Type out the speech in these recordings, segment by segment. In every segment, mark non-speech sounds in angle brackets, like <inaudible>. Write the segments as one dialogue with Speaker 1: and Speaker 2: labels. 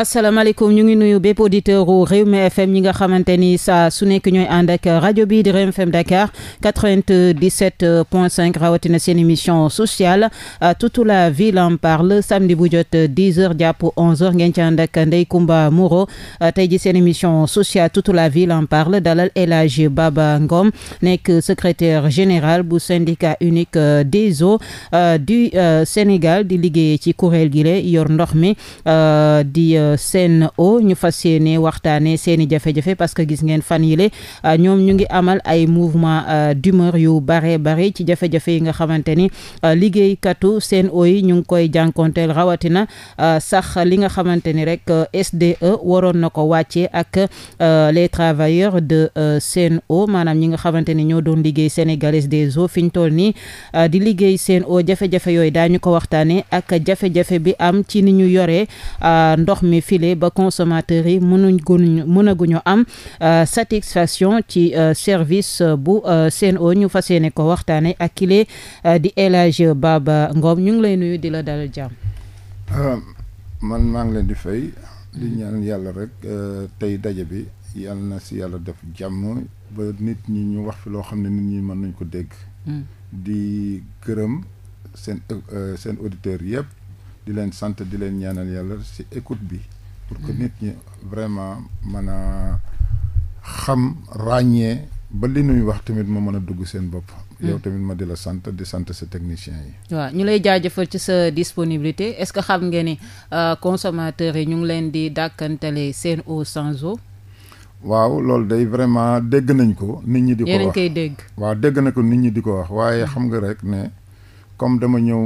Speaker 1: asalaamaaleykum ñu ngi nuyu bépp auditeur u Rewmi FM ñi nga xamante ni saa su nekk ñooy ànd ak rajo bi di Rewmi FM Dakar 97 point 5 rawatina seen émission sociale toute la ville en parle samedi bu jot 10 heures jàpp 11 heures ngeen ci ànd ak Ndeye Comba tey ji seen émission sociale toute la ville en parle dalal El Hadji Baba Ngom nekk secretaire général bu syndicat unique euh, des eaux euh, du euh, Sénégal di liggéey ci kuréel gi yor ndox mi di Sen'Eau ñu fas yéene waxtaanee seeni i jafe-jafe parce que gis ngeen fan yile euh, ñoom ñu ngi amal ay mouvement euh, d'humeur yu bare bare ci jafe-jafe yi nga xamante ni euh, liggéeykatu o yi ñu ngi koy jànkonteel rawatina sax li nga xamante ni rek SDE waroon na ko wàccee ak les travailleurs de o maanaam ñi nga xamante ni ñoo doon liggéey sénégalaise des eaux fi ñu toll nii di liggéey Sen'Eau jafe-jafe yooyu daañu ko waxtaanee ak jafe-jafe bi am ci ni ñu yoree mi file ba consommateurs yi mënuñ guñu mënaguñu am euh, satisfaction ci euh, service bu Sen'Eau euh, ñu fa yéene ko waxtaane ak kile di El Hadji Baba Ngom ñu ngi lay nuyu di la dalal jàmm
Speaker 2: man maa ngi leen di fay di ñaan yàlla rek tey daje bi yàlla na si yàlla def jàmm ba nit ñi ñu wax fi loo xam ne nit ñi mën nañ ko dégg mm. di gërëm seen seen auditeurs yëpp di leen sant di leen ñaanal yàlla ci écoute bi pour que mm. nit ñi vraiment mën a xam ràññee ba li nuy wax tamit ma mën a dugg seen bopp mm. yow tamit ma di la sant di sant sa technicien
Speaker 1: yi waaw ñu lay jaajëfal ci sa disponibilité est-ce que xam nga ni euh, consommateurs yi ñu ngi leen di dàkkantale seen eau sans
Speaker 2: waaw loolu day vraiment dégg nañ ko nit ñi di ko wax dégg waaw dégg na ko nit ñi di ko wax waaye mm. xam nga rek ne comme dama ñëw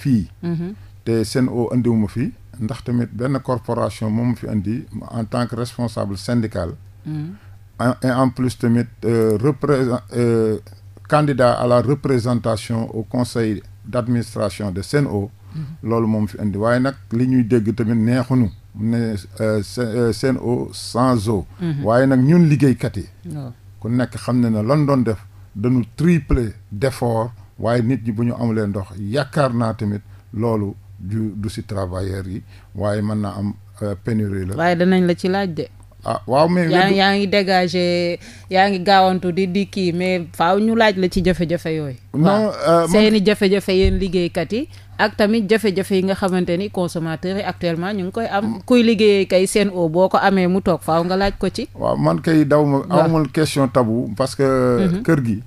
Speaker 2: fii mm-hmm. te Sen'Eau andiwu ma fi ndax tamit benn corporation moom fi andi en tant que responsable syndical. Hmm. et en plus tamit euh, représent euh, candidat à la représentation au conseil d'administration de Sen'Eau. Hmm. loolu moom fi indi waaye nag li ñuy dégg tamit neexunu ne euh, Sen'Eau sans eau. Hmm. waaye nag ñun liggéeykat yi. ku nekk xam na ne lan doon def dañu tripler d'effort waaye nit ñi bu ñu amulee ndox yaakaar naa tamit loolu. du du si travailleurs yi waaye mën na am euh, pénurie la. waaye
Speaker 1: danañ la ci laaj de.
Speaker 2: ah waaw mais. yaa
Speaker 1: ngi dégagé yaa ngi gaawantu di di kii mais faaw ñu laaj la ci jafe-jafe yooyu. non euh, seeni jafe-jafe yéen liggéeykat yi. ak tamit jafe-jafe yi nga xamante ni consommateurs yi actuellement ñu ngi koy am. Mm. kuy liggéeyee kay seen o boo ko amee mu toog faaw nga laaj ko ci. waaw
Speaker 2: man kay daw ma amul question tabou parce que. Mm-hmm. kër gi.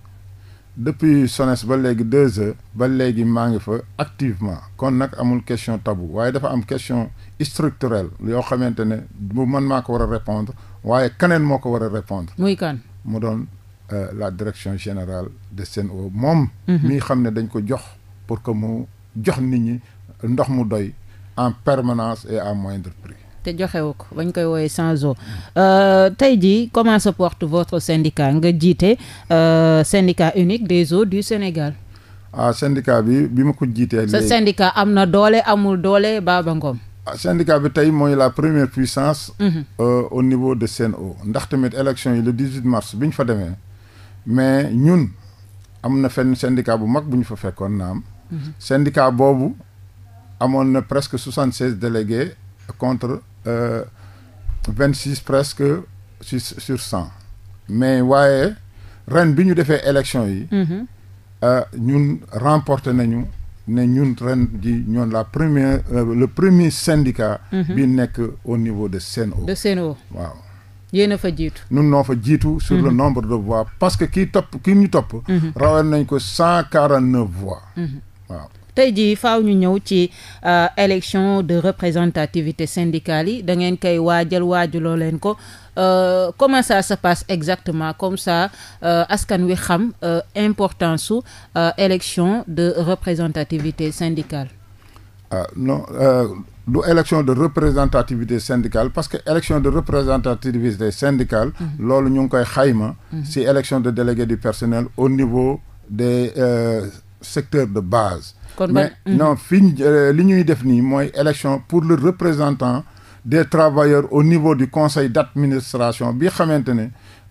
Speaker 2: depuis SONES ba léegi deux ba léegi maa ngi fa activement kon nag amul question tabou waaye dafa am question structurelle yoo xamante ne bu man maa ko war a répondre waaye keneen moo ko war a répondre muy kan mu doon euh, la direction générale de o moom mhm. mi xam ne dañ ko jox pour que mu jox nit ñi ndox mu doy en permanence et à moindre prix
Speaker 1: te joxewu ko bañ koy wooyee sans eau tey jii comment se porte votre syndicat nga jiite euh, syndicat unique des eaux du Sénégal.
Speaker 2: ah bi bi ma ko jiitee. sa syndicat
Speaker 1: am na doole amul doole Baba Ngom.
Speaker 2: Ah, syndicat bi tey mooy la première puissance. Mm -hmm. euh, au niveau de Sen'Eau ndax tamit élection yi le 18 mars bi ñu fa demee mais ñun am na fenn syndicat bu mag bu ñu fa fekkoon naam. Mhm. syndicat boobu amoon na presque 76 délégués contre Euh, vingt six presque sur sur cent mais waaye ren bi ñu defee élection yi. Mhm. Euh, ñun remporté nañu ne ñun ren ji ñoo la première euh, le premier syndicat. Mhm. bi nekk au niveau de Sen'Eau. de Sen'Eau waaw.
Speaker 1: yéen a fa jiitu.
Speaker 2: ñun noo fa jiitu. sur le mhm. nombre de voix parce que kii topp kii ñu topp. rawal nañ ko cent
Speaker 1: tey jii faw ñu ñëw ci euh, élection de représentativité syndicale yi da ngeen koy waajal waajaloo leen ko euh, comment ça se passe exactement comme ça euh, askan wi xam importance su élection de représentativité syndicale.
Speaker 2: ah non du élection de représentativité syndicale parce que élection de représentativité syndicale. Mhm. loolu ñu ngi koy xayma. Mhm. si élection de délégué du personnel au niveau des secteurs de base. kon mais non fi euh, li ñuy def nii mooy élection pour le représentant des travailleurs au niveau du conseil d'administration bi xamante ne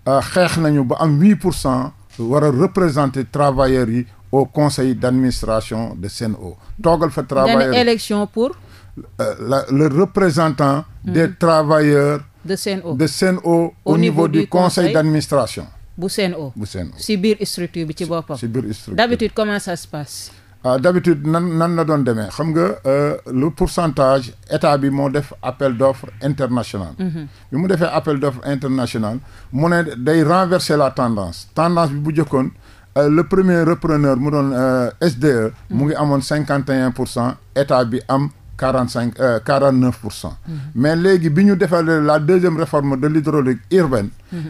Speaker 2: euh, xeex nañu ba am huit pour cent war a représenter travailleurs yi au conseil d'administration de Sen'Eau toogal fa travailleurs
Speaker 1: élection pour
Speaker 2: euh, la le représentant hmm. des travailleurs de Sen'Eau de Sen'Eau au niveau du conseil d'administration
Speaker 1: bu Sen'Eau bu Sen'Eau si biir structure bi ci boppam si biir structure d'habitude comment ça se
Speaker 2: ah d'habitude nan nan la doon demee xam nga euh, le pourcentage état bi moo def appel d'offre international mhm. bi mu defee appel d'offre international mu ne day renverser la tendance tendance bi bu jëkkoon euh, le premier repreneur mu doon euh, SDE mhm. mu ngi amoon cinquante et pour cent état bi am quarante cinq quarante neuf pour cent mhm. mais léegi bi ñu defee la deuxième réforme de l'hydraulique urbaine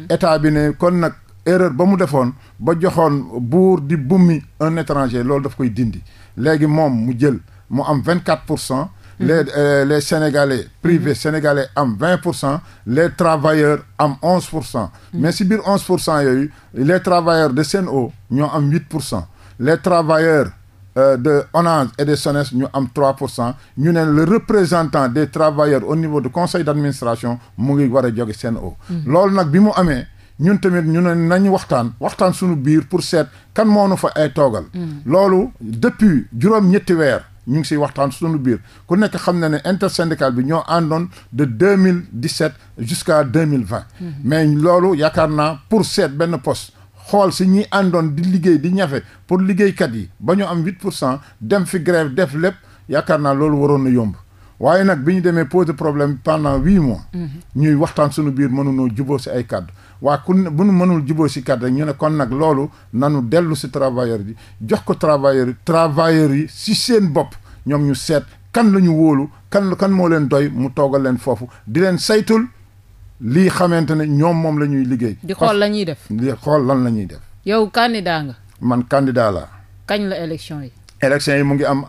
Speaker 2: état bi ne kon nag erreur ba mu defoon ba joxoon buur di bummi un étranger loolu dafa koy dindi léegi moom mu jël mu am vingt quatre pour cent mm-hmm. les euh, les sénégalais privés mm-hmm. sénégalais am vingt pour cent les travailleurs am onze pour cent mm-hmm. mais si biir onze pour cent yooyu les travailleurs de Sen'Eau ñoo am huit pour cent les travailleurs euh, de Orange et de SONES ñu am 3 pour cent ñu ne le représentant des travailleurs au niveau du conseil d' administration mu ngi war a jóge Sen'Eau loolu nag bi mu amee ñun tamit ñu ne nañu waxtaan waxtaan suñu biir pour seet kan moo nu fa ay toogal. Mm. loolu depuis juróom-ñetti weer ñu ngi siy waxtaan suñu biir ku nekk xam na ne intersyndical bi ñoo àndoon de deux mille dix sept jusqu'à deux mille vingt. Mm-hmm. mais loolu yaakaar naa pour seet benn poste. xool si ñi àndoon di liggéey di ñafe pour liggéeykat yi ba ñu am huit pour cent dem fi grève def lépp yaakaar naa loolu waroon na yomb waaye nag bi ñu demee poser problème pendant huit mois. Mm-hmm. ñuy waxtaan suñu biir mënunoo juboo si ay kàddu. waa ku bu nu mënul jiboo si kat rek ñu ne kon nag loolu nanu dellu si travailleur yi jox ko travailleur yi yi si seen bopp ñoom ñu seet kan la ñu wóolu kan kan moo leen doy mu toogal leen foofu di leen saytul lii xamante ne ñoom moom la ñuy liggéey. di xool la ñuy def di xool lan la ñuy def.
Speaker 1: yow candidat nga.
Speaker 2: man candidat la
Speaker 1: kañ la élection yi.
Speaker 2: élection yi mu ngi am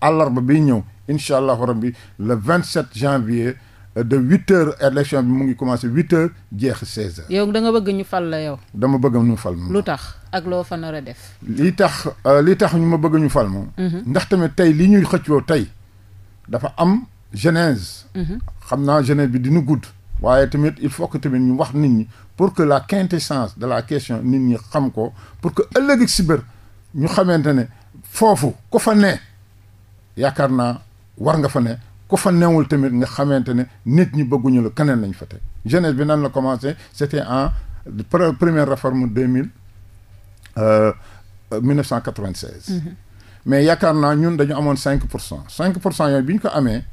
Speaker 2: àllarba bii ñëw incha allahu rabbi le vingt sept janvier. de huit heures élection bi mu ngi commencé huit heures jeex seize heures.
Speaker 1: yow da bëgg ñu fal la yow.
Speaker 2: dama bëgg ñu fal moom. lu
Speaker 1: tax ak loo fa nar def.
Speaker 2: li tax euh, li tax ñu ma bëgg ñu fal moom. Mhm. ndax tamit tey li ñuy xëccoo tey dafa am genèse. Mhm. xam naa genèse bi dina gudd. waaye tamit il faut que tamit ñu wax nit ñi pour que la quintessence de la question nit ñi xam ko pour que ëllëg si bër ñu xamante ne foofu ku fa ne yaakaar naa war nga fa ne ku fa newul tamit nga xamante ne nit ñi bëgguñu la keneen lañ fa teg jeunesse bi nan la commencé c'était en première réforme deux mille euh, mille neuf cent quatre vingt mhm. mais yaakaar naa ñun dañu amoon cinq pour cent cinq pour cent yooyu bi ñu ko amee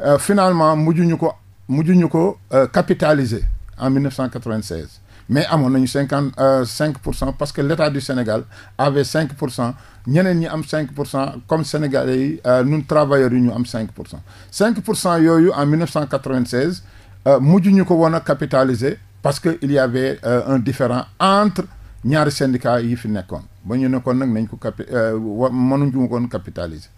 Speaker 2: euh, finalement mujjuñu ko mujjuñu ko euh, capitaliser en mille mais amoon nañu cinquante euh, cinq pour cent parce que l' du Sénégal avait cinq pour cent ñeneen ñi am cinq pour cent comme sénégalais yi euh, ñun travailleurs yi ñu am cinq pour cent. cinq pour cent yooyu en 1996 euh, mujj ñu ko woon a capitaliser parce que il y avait un différend entre ñaari syndicats yi fi nekkoon ba ñu nekkoon nag nañ ko capi mënuñu ko woon capitaliser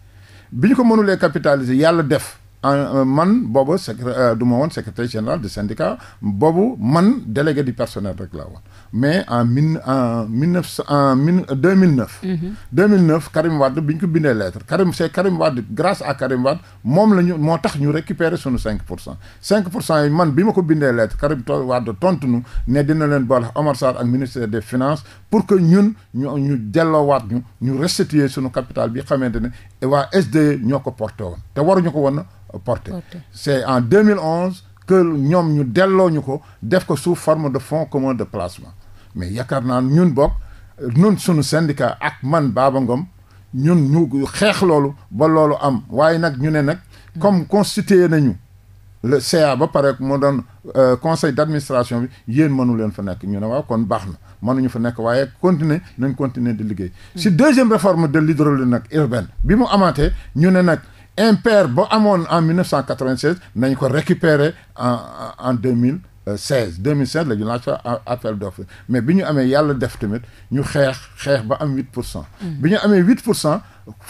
Speaker 2: bi ñu ko mënulee capitaliser yàlla def. Euh, euh, man boobu secré euh, du woon secrétaire général du syndicat boobu man délégué du personnel rek laa woon mais en mille en mille neuf cent en mille deux mille neuf. Mhm. deux mille neuf Karim Wade bi ñu ko bindee lettre Karim c'est Karim Wade grâce à Karim Wade moom la ñu moo tax ñu récupérer sunu 5 pour cent cinq pour cent yi man bi ma ko bindee lettre Karim Wade tontu nu ne dina leen boole Omar Sarr ak ministère de finance pour que ñun ñu ñu delloowaat ñu ñu restituer sunu capital bi xamante ne waa SDE ñoo ko porté woon te waruñu ko woon. porté c'est en mille 2011 que ñoom ñu delloo ñu ko def ko suuf forme de fonds commun de placement mais yaakaar naa ñun bokk ñun suñu syndicat ak man Baba Ngom ñun ñu xeex loolu ba loolu am waaye nag ñu ne nag comme constitué nañu le CA ba pare moo doon euh, conseil d'administration bi yéen mënu leen fa nekk ñu ne waaw kon baax na mënuñu fa nekk waaye continuer nañ continuer di liggéey si deuxième réforme de l'hydraulique nag urbaine bi mu amaatee ñu ne nag impair ba amoon en 1996 nañ ko récupérer en en 2016 2016 la ñu lancé appel d'offre mais bi ñu amee yàlla def tamit ñu xeex xeex ba am 8 pour cent. Mm. bi ñu amee 8 pour cent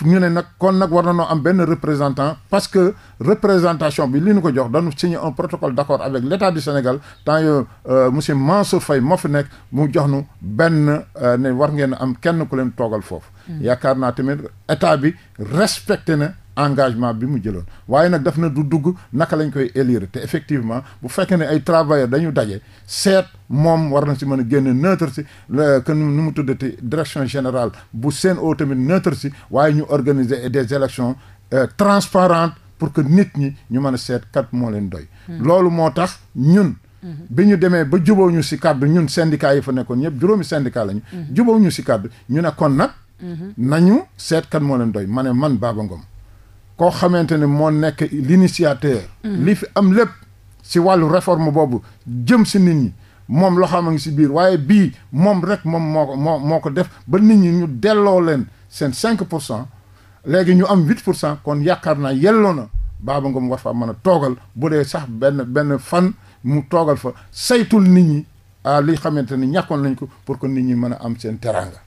Speaker 2: ñu ne nag kon nag war na noo am benn représentant parce que représentation bi li ñu ko jox dañu signé un protocole d'accord avec l'État du Sénégal tant que euh, monsieur Mansour Faye moo fi nekk mu jox nu benn euh, ne war ngeen am kenn ku leen toogal foofu. Mm. yaakaar naa tamit état bi respecté na. engagement bi mu jëloon waaye nag daf na du dugg naka lañu koy élire te effectivement bu fekkee ne ay travailleurs dañu daje seet moom war na si mën a génne neutre si que nu mu tuddati direction général bu Sen'Eau tamit neutre si waaye ñu organiser des élections euh, transparentes pour que nit ñi ñu mën a seet kat moo leen doy. Hmm. loolu moo tax ñun. Hmm. bi ñu demee ba jubóo ñu si kàddu ñun syndicat yi fa nekkoon ñëpp juróomi syndicat lañu. Hmm. jubóo ñu si kàddu ñu ne kon nag. nañu seet kat moo leen doy ma ne man Baba Ngom. koo xamante ne moo nekk l'initiateur mm. li fi am lépp si wàllu réforme boobu jëm si nit ñi moom loo xam a ngi si biir waaye bii moom rek moom moo ko moo moo ko def ba nit ñi ñu delloo leen seen cinq pour cent léegi ñu am huit pour cent kon yaakaar naa yelloo na Baba mu war fa mën a toogal bu dee sax benn benn fan mu toogal fa saytul nit ñi ah li xamante ni ñàkkoon nañ ko pour que nit ñi mën a am seen teraanga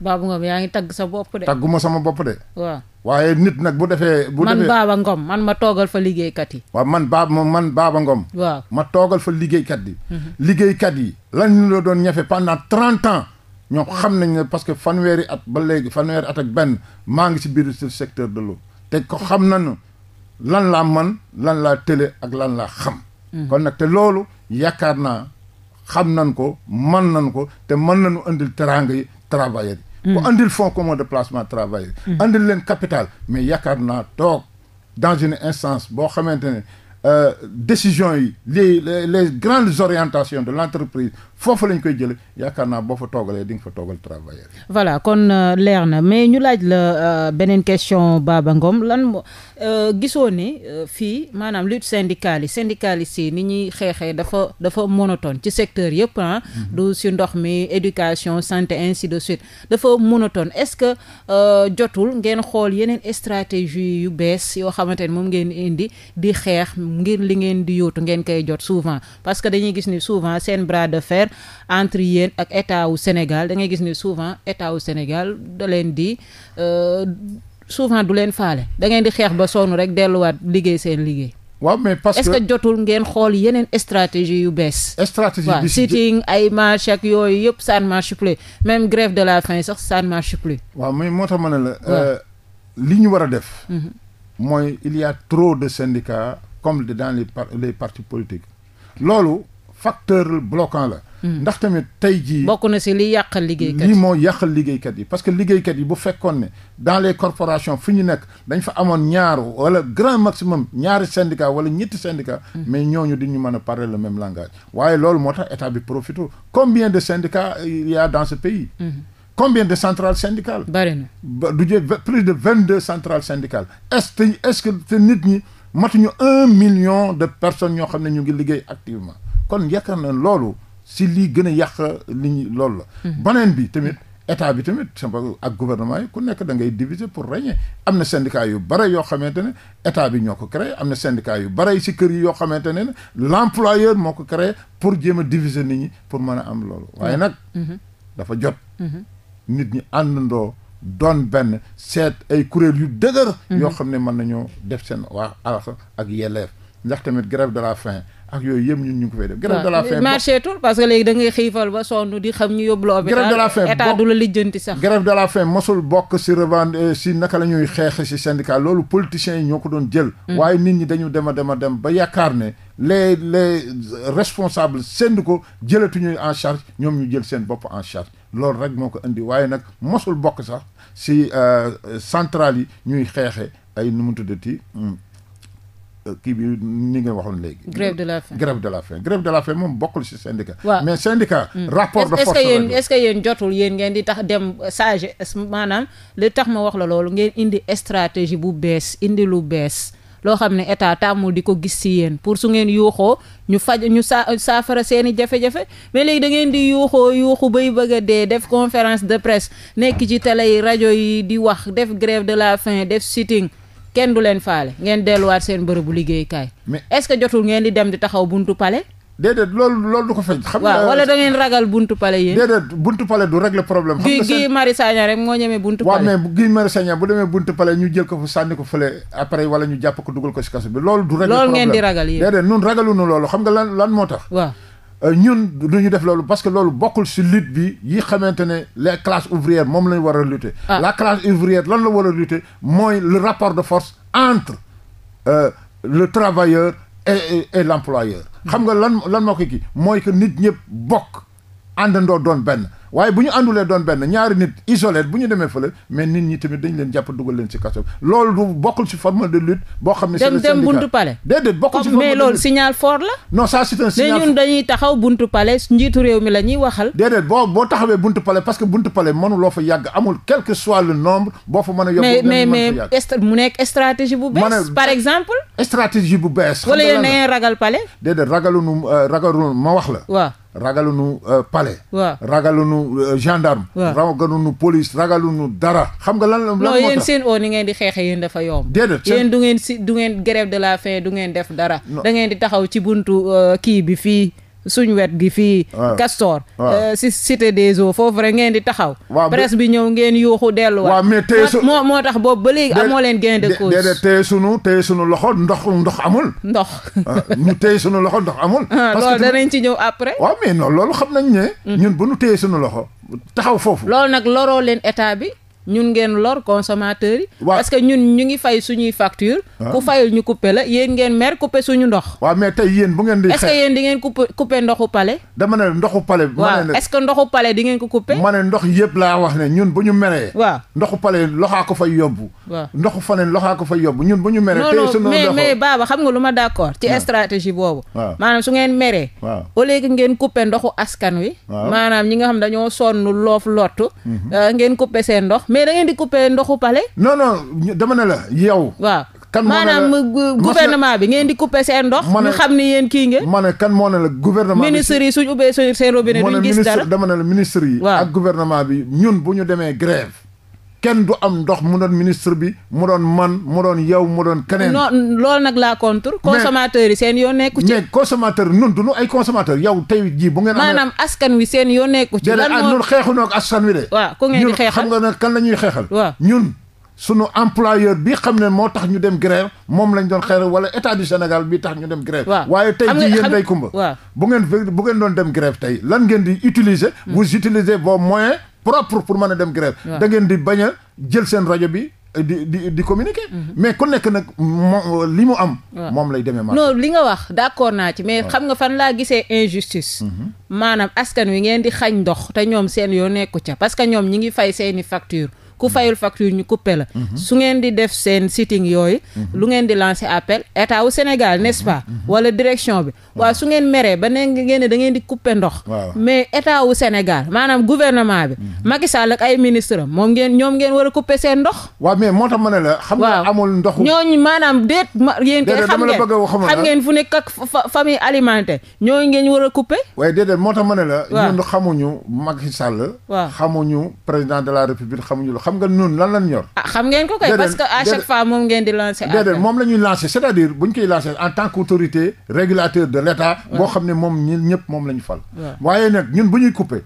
Speaker 1: Baba Ngom yaa ngi tagg sa bopp de. tagguma sama bopp de. waaw
Speaker 2: waaye nit nag bu defee. bu defee man Baba
Speaker 1: Ngom man ma toogal fa liggéeykat yi.
Speaker 2: waaw man Ba man Baba Ngom. waaw ma toogal fa liggéeykat yi. Mhm. liggéeykat yi lan ñu la doon ñafe pendant trente ans. ñoom xam nañ ne parce que fanweeri at ba léegi fanweeri at ak benn maa ngi si biir secteur de l'eau te ko xam nañu lan laa man lan laa tële ak lan laa xam. Mhm. kon nag te loolu yaakaar naa xam nañ ko mën nañ ko te mën nañu indil teraanga yi travailleurs hmm. yi. ku andil fonds commun de placement travailleurs yi. Hmm. andil leen capital mais yaakaar naa toog dans une instance boo xamante ne. Euh, décisions yi les les grandes orientations de l' entreprise foofu la ñu koy jële yaakaar naa boo fa toogalee di nga fa toogal travailleur
Speaker 1: voilà kon euh, leer na mais ñu laaj la euh, beneen question Baba Ngom lan moo gisoo ne fii maanaam lutte syndicale yi syndicalistes yi ni ñuy xeexee dafa dafa monotone ci secteur yëpp ah. Mhm. du si ndox mi éducation santé ainsi de suite dafa monotone est ce que jotul ngeen xool yeneen stratégie yu bees yoo xamante ne moom ngeen indi di xeex. ngir li ngeen di yóotu ngeen koy jot souvent parce que dañuy gis ni souvent seen bras de fer entre yéen ak état wu Sénégal da ngay gis ni souvent état wu Sénégal da leen di euh, souvent du leen faale da ngeen di xeex ba sonn rek delluwaat liggéey seen liggéey. waaw mais que est-ce que jotul ngeen xool yeneen yu bees. stratégie bi sitting ay marche ak yooyu yëpp ça ne marche plus même grève de la faim sax ça ne marche plus.
Speaker 2: waaw mais moo tax ma ne la. Euh, li ñu war a def. Mm-hmm. mooy il y a trop de syndicats. comme dans les les partis politiques loolu facteur bloquant la. Hmm. ndax tamit tey jii.
Speaker 1: bokk na si liy
Speaker 2: yàqal liggéeykat yi lii moo yàqal liggéeykat yi parce que liggéeykat yi bu fekkoon ne dans les corporations fi ñu nekk dañ fa amoon ñaaru wala grand maximum ñaari syndicat wala ñetti syndicat hmm. mais ñooñu ñu mën a parler le même langage waaye loolu moo tax état bi profité combien de syndicats il y a dans ce pays. Hmm. combien de centrales syndicales. bari na du jël plus de vingt deux centrales syndicales est est ce que nit ñi. matuñu un million de personne ñoo xam ne ñu ngi liggéey activement kon yaakaar na loolu si lii gën a yàq li ñu loolu la. Mhm. beneen bi tamit état bi tamit ak gouvernement yi ku nekk da ngay diviser pour régner am na syndicat yu bare yoo xamante ne état bi ñoo ko créé am na syndicat yu bare si kër yi yoo xamante ne l' employeur moo ko créé pour jéem a diviser nit ñi pour mën a am loolu. waaye nag. Mhm. dafa jot. Mhm. nit ñi àndandoo. don benn seet ay kuréel yu dëgër. Mhm. yoo xam ne mën nañoo def seen waa alax ak yelleef ndax tamit grève de la faim ak yooyu yëpp ñun ñu ngi ko fay def. grève de la faim
Speaker 1: marché tout parce que léegi da ngay xiifal ba sonn di xam ñu yóbbu la hôpital. grève de la
Speaker 2: faim état du bokk si revend si euh, naka la ñuy xeexe si syndicat loolu politiciens yi ñoo ko doon jël. Mm. waaye nit ñi dañu dem a dem a dem ba yaakaar ne lee les les responsables syndicaux jëlatuñu en charge ñoom ñu jël seen bopp en charge loolu rek moo ko indi waaye nag masul bokk sax si euh, centrale yi ñuy xeexe ay nu mu ti kii bi ni nga waxoon léegi. grève de la faim grève de la faim grève de la faim moom bokkul ci syndicat. waaw mais syndicat. Hmm. rapport de force est-ce que yéen
Speaker 1: est-ce que yéen jotul yéen ngeen di tax dem sage maanaam li tax ma wax la loolu ngeen indi stratégie bu bees indi lu bees. loo xam ne état tàmmul di ko gis ci yéen pour su ngeen yuuxoo ñu faj ñu saa saafara seeni jafe-jafe mais léegi da ngeen di yuuxoo yuuxu bay bëgg a dee def conférence de presse nekk ci tele yi rajo yi di wax def grève de la fin def sitting kenn du leen faale ngeen delluwaat seen bërëbu liggéeykaay. mais est-ce que jotul ngeen di dem di taxaw buntu palais. déedéet loolu loolu du ko feeñ. xam nga waaw wala da ngeen ragal buntu pale yéen. déedéet buntu pale
Speaker 2: du régler problème. xam nga seen Guy Marius rek moo ñemee buntu pale. waaw mais Guy Marius Sagna bu demee buntu pale ñu jël ko fu sànni ko fële après wala ñu jàpp ko dugal ko si kaso bi loolu. du régler problème loolu ngeen di ragal yéen. déedéet ñun ragaluñu loolu xam nga lan lan moo tax. waaw Euh, ñun du ñu def loolu parce que loolu bokkul si lutte bi yi xamante ne les classes ouvrières moom lañu war a lutter. Ah. la classe ouvrière lan la war a lutter mooy le rapport de force entre euh, le travailleur et et, xam nga lan lan moo ko mooy que nit ñëpp bokk àndandoo doon benn. waaye bu ñu àndulee doon benn ñaari nit isolé bu ñu demee fële mais nit ñi tamit dañ leen jàpp dugal leen ci kaso loolu
Speaker 1: du bokkul ci forme de lutte boo xam ne dem dem buntu palais déedéet bokkul ci forme mais loolu signal fort taxaw buntu palais njiitu réew mi la ñuy waxal déedéet boo boo taxawee buntu
Speaker 2: palais parce que buntu palais mënu loo fa yàgg amul quel soit le nombre boo fa mën a yóbbu mais mais mais
Speaker 1: mu nekk stratégie bu bees par exemple
Speaker 2: stratégie bu bees wala yéen nangeen ragal palais déedéet ragalunu euh, ragalunu ma wax la waaw ragalunu euh, palais waaw ragalunu nu euh, gendarme. waaw ragalu nu police ragalu nu dara. xam nga lan lan moo tax non yéen seen
Speaker 1: oo ni ngeen di xeexe yéen dafa yomb. déedéet yéen du ngeen si de la faim du ngeen def dara. da ngeen di taxaw ci buntu euh, kii bi fii. suñ wet gi fii Castor eh, si cité des eaux foofu rek ngeen di taxaw presse bi ñëw ngeen yuuxu delluwaat waaw mais moo tax boobu ba léegi amoo leen gain de cause déedéet
Speaker 2: tey suñu loxo ndox ndox amul ndox ñu ah, tey sunu loxo ndox amul ah, loolu danañ ci ñëw après waaw mais non loolu xam nañ ne mm. ñun bu ñu téye sunu loxo
Speaker 1: taxaw foofu loolu nag loroo leen état bi ñun ngeen lor consommateur yi. Ouais. que ñun ñu ngi fay suñuy facture ah. ku fayul ñu couper la yéen ngeen mer couper suñu ndox. waa ouais, mais tey yéen bu ngeen di. est-ce yéen di ngeen couper couper ndoxu pale. dama ne ndoxu pale. waaw est-ce ndoxu pale di ngeen ko couper.
Speaker 2: ma ne ndox yëpp laa wax ne ñun bu ñu meree. waa ndoxu pale loxaa ko fay yóbbu. waaw ndoxu faneen loxaa ko fay yóbbu ñun bu ñu meree. tey suñu mais mais
Speaker 1: Baba xam nga lu ma d'accord. ci stratégie boobu. waaw maanaam su ngeen meree. waaw au ngeen couper ndoxu askan wi. maanaam ñi nga xam dañoo sonn loof lott mhm. euh, ngeen couper ndox mais da ngeen di couper ndoxu palais.
Speaker 2: non non dama ne la yow.
Speaker 1: waa kan moo ne la maanaam gouvernement bi ngeen di couper seen ndox. ñu xam ni yéen kii ngeen.
Speaker 2: ma ne kan moo ne la gouvernement bi ministre yi
Speaker 1: suñ ubbee seen
Speaker 2: robinet duñ gis dara dama ne la ministre yi. waaw ak gouvernement bi ñun bu ñu demee grève kenn du am ndox mu doon ministre bi mu doon man mu doon yow mu doon keneen. non
Speaker 1: loolu nag laa contre. consommateur yi seen yoo nekku ci. mais consommateur
Speaker 2: nun du nu ay consommateur yow tey jii bu ngeen. amee maanaam
Speaker 1: askan wi seen yoo nekku ci. lan ah, moo ñun xeexu
Speaker 2: ak askan wi de. waaw xeexal xam nga nag kan la ñuy xeexal. waaw ñun sunu employeur bi xam ne moo tax ñu dem grève moom lañ doon xeexal wala état du Sénégal bi tax ñu dem grève. waaw waaye tey jii yéen day kumba. bu ngeen bu ngeen doon dem grève tey lan ngeen di utiliser. Hmm. vous utilisez vos moyens pour propre pour mën a dem grève da di bañ a jël seen rajo bi euh, di di di communiquer. Mhm. mais ku nekk nag moom li mu am. moom lay demee marché. non
Speaker 1: li nga wax d'accord naa ci mais xam nga fan laa gisee injustice. Mhm. maanaam askan wi ngeen di xañ ndox te ñoom seen yoo nekku ca parce que ñoom ñi ngi fay seeni facture ku fayul facture ñu coupé la mhm. su ngeen di def seen sitting yooyu mhm. lu ngeen di lancer appel état wu Sénégal n'est-ce mhm. wala direction bi waaw su ngeen meree ba ne ngeen ne da ngeen di coupé ndox mais état wu Sénégal maanaam gouvernement bi Macky Sall ak ay ministre am moom ngeen ñoom ngeen war a coupé seen ndox waaw mais moo tax ma ne la xam nga amul ndox ñooñu maanaam déet yéen kay xam ngeen xam ngeen fu nekk ak famille alimentaire ñooñu ngeen war a coupé
Speaker 2: waaye déedéet moo tax ma ne la ñun xamuñu Macky Sall xamuñu président de la République xamuñu xam nga nun lan lan ñor.
Speaker 1: ah xam ngeen ko kay parce que à chaque fois moom ngeen di lancer. déedéet moom
Speaker 2: la ñuy lancer c'est-à-dire bu ñu koy lancer en tant qu'autorité régulateur de l'État. boo xam ne moom ñun ñëpp moom la fal. waaye nag ñun bu ñuy couper.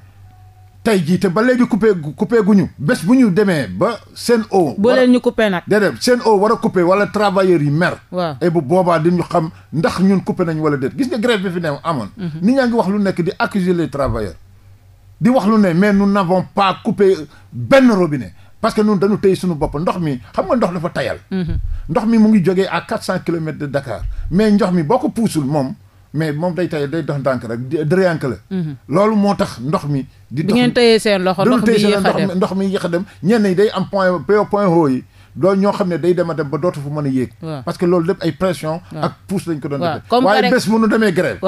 Speaker 2: tey jiite ba léegi coupé coupé guñu bés bu ñu demee ba seen o boo leen ñu coupé nag déedéet seen o war a coupé wala travailleurs yi mer waaw bu boobaa di ñu xam ndax ñun coupé nañ wala déet gis nga grève bi fi ne amoon mhm. nit ñaa ngi wax lu nekk di accuser les travailleurs di wax lu ne mais nous n'avons pas coupé benn robinet parce que ñun dañu tey suñu bopp ndox mi xam nga ndox dafa tayal. Mm-hmm. ndox mi mu ngi jógee à quatre cent kilomètres de Dakar mais ndox mi boo ko puusul moom mais moom day tayal day dox ndànk rek dërëyank la. Mm-hmm. loolu moo tax ndox mi. di dox bi ngeen seen loxo ndox mi yéex a ndox mi yéex a ñenn ñi am point point haut yi. loolu ñoo xam ne day dem a dem ba dootu fu mën a yéeg. parce que loolu lépp ay pression. ak pousse lañ ko doon defee. waaye bés bu nu demee grève.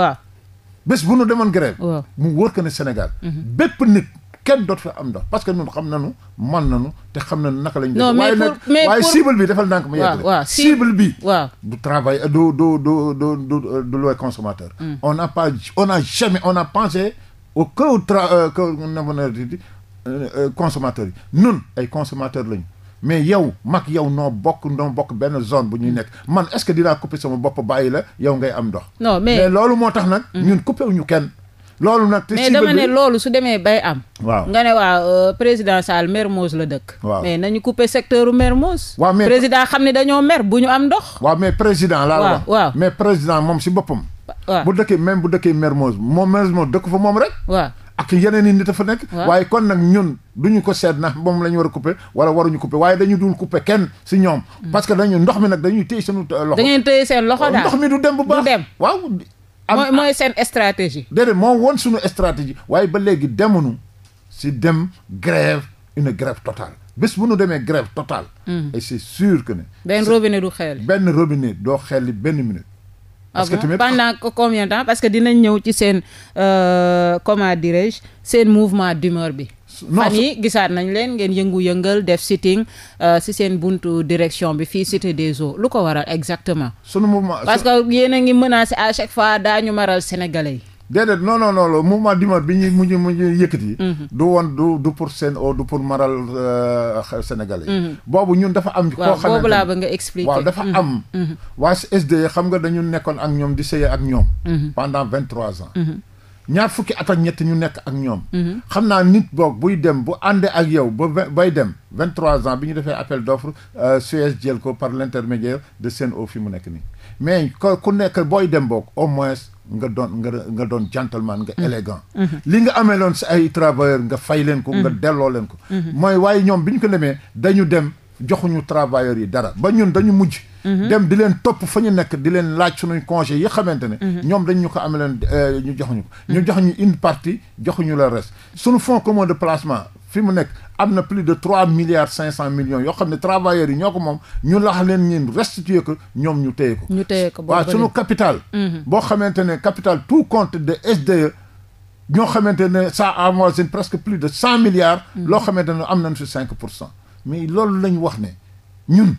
Speaker 2: bés bu nu demoon grève. mu wóor que ne Sénégal mm-hmm. bépp nit kenn doot fa am ndox parce que ñun xam nañu man nañu te xam nañu naka lañ. non mais pour waaye cible bi defal ndànk ma yegg la cible bi. waaw du travail du du du du du du hmm. on n'a pas on n'a jamais on a pensé au que au tra euh, que euh, consommateur yi ñun ay consommateur lañu. mais yow mag yow noo bokk noo bokk benn zone bu ñuy hmm. nekk man est-ce que dinaa coupé sama bopp bàyyi la yow ngay am ndox. mais loolu moo tax nag. Hmm. ñun couper wu ñu kenn. loolu nag te mais dama ne
Speaker 1: loolu su demee bay am. waaw nga ne waa euh, président Sall Mermoz la dëkk. waaw mais nañu couper secteur Mermoz. waaw mais président xam ne dañoo mer bu ñu am ndox.
Speaker 2: waaw mais président laa wax mais président moom si boppam. bu dëkkee même bu dëkkee Mermoz moom Mermoz dëkk fa moom rek. waaw ak yeneen i nit a fa nekk. waaye kon nag ñun du ñu ko seet na moom la ñu war a couper wala waruñu couper waaye dañu dul couper kenn si ñoom. Mm. parce que dañu ndox mi nag dañuy téye seen euh, loxo. da
Speaker 1: ngeen seen loxo daal ndox mi
Speaker 2: du dem bu baax am
Speaker 1: mooy seen stratégie.
Speaker 2: déedéet moo woon suñu stratégie waaye ba léegi demuñu si dem grève une grève totale bés bu nu demee grève total hmm. et c' est que ne. benn robinet du xeeli. benn robinet doo xel benn minute.
Speaker 1: parce que ah tamit pendant combien de temps parce que dinañ ñëw ci seen euh, comment dirais-je seen mouvement d'humeur bi. non yi gisaat nañ leen ngeen yëngu-yëngal def sitting euh, si seen buntu direction bi fii cité des eaux lu ko waral exactement. sunu mouvement parce que yéen a ngi menacé à chaque fois daañu maral sénégalais yi.
Speaker 2: déedéet non non non le mouvement d'humeur bi ñuy mu ñu mu ñu yëkkati. Mhm. du woon du pour seen o du pour maral euh, sénégalais. Mhm. boobu ñun dafa am. koo xam laa ba nga
Speaker 1: expliqué. waaw dafa mhm. am.
Speaker 2: waa SDE xam nga dañu nekkoon ak ñoom di sëye ak ñoom. pendant vingt trois ans. ñaar fukki at ak ñu nekk ak ñoom. Mhm. xam naa nit boog buy dem bu àndee ak yow ba bay dem vingt trois ans bi ñu defee appel d'offre euh, Suez jël ko par l'intermédiaire de Sen'Eau fi mu nekk nii mais ku nekk booy dem book au moins nga doon nga nga doon gentleman nga mhm. élégant mhm. li nga amee loon si ay travailleurs nga fay leen ko. nga delloo leen ko. mooy waaye ñoom bi ñu ko demee dañu dem. joxuñu travailleurs yi dara ba ñun dañu mujj mhm. dem di leen topp fa ñu nekk di leen laaj suñuy congé yi xamante ne mhm. ñoom dañ ñu ko am leen euh, ñu ñu ko ñu mhm. joxuñu une partie joxuñu le reste suñu fonds commun de placement fi mu nekk am na plus de trois milliards cinq cent millions yoo xam ne travailleurs yi ñoo ko moom ñu lax leen ñun restituer ko ñoom ñu téye ko
Speaker 1: ñu téye ko suñu capital
Speaker 2: boo xamante ne capital tout compte de SDE ñoo xamante ne ça avoisine presque plus de cent milliards loo xamante ne am nañ fi pour cent mais loolu lañu wax ne ñun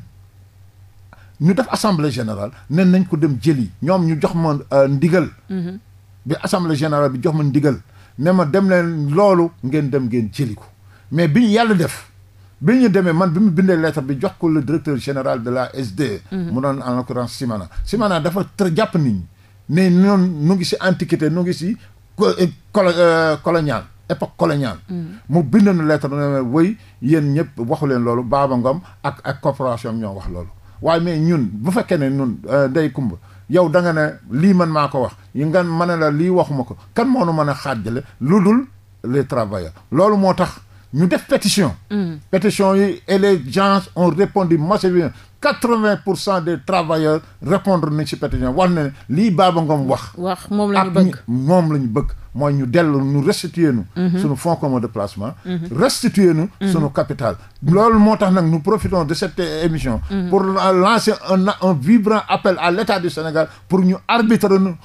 Speaker 2: ñu def assemblée général nen nañ ko dem jëli ñoom ñu jox ma euh, ndigal mhm. bi assemblée général bi jox ma ndigal ne ma dem leen loolu ngeen dem ngeen jëli ko mais bi ñu yàlla def bi ñu demee man bi mu bindee lettre bi jox ko le directeur général de la SDE mhm. mu doon en l'occurrence Simana Simana dafa jàpp nit ñi ne noonu nu ngi si antiquité nu ngi si euh, euh, colonial époque coloniale. Mm. mu bind na lettre ne wéy yéen ñëpp waxu leen loolu Baba Ngom ak ak corporation ñoo wax loolu. waaye mais ñun bu fekkee ne ñun euh, ndey kumba yow da nga ne lii man maa ko wax yi nga ma ne la lii waxuma ko kan moo nu mën a xaajale lu dul les travailleurs loolu moo tax. ñu def pétition. Mm. pétition yi et les gens ont répondu massivement 80 pour cent des travailleurs répondre nañ ci pétition wax ne lii Baba mu wax.
Speaker 1: wax moom la ñu bëgg
Speaker 2: moom la ñu bëgg mooy ñu dellu ñu restituer nu. Mhm. sunu fonds commun de placement. Mhm. restituer nu. Mhm. sunu capital. loolu moo tax nag nous profiton de set émission. pour lancer un un vibrant appel à l'État du Sénégal pour ñu arbitrer nu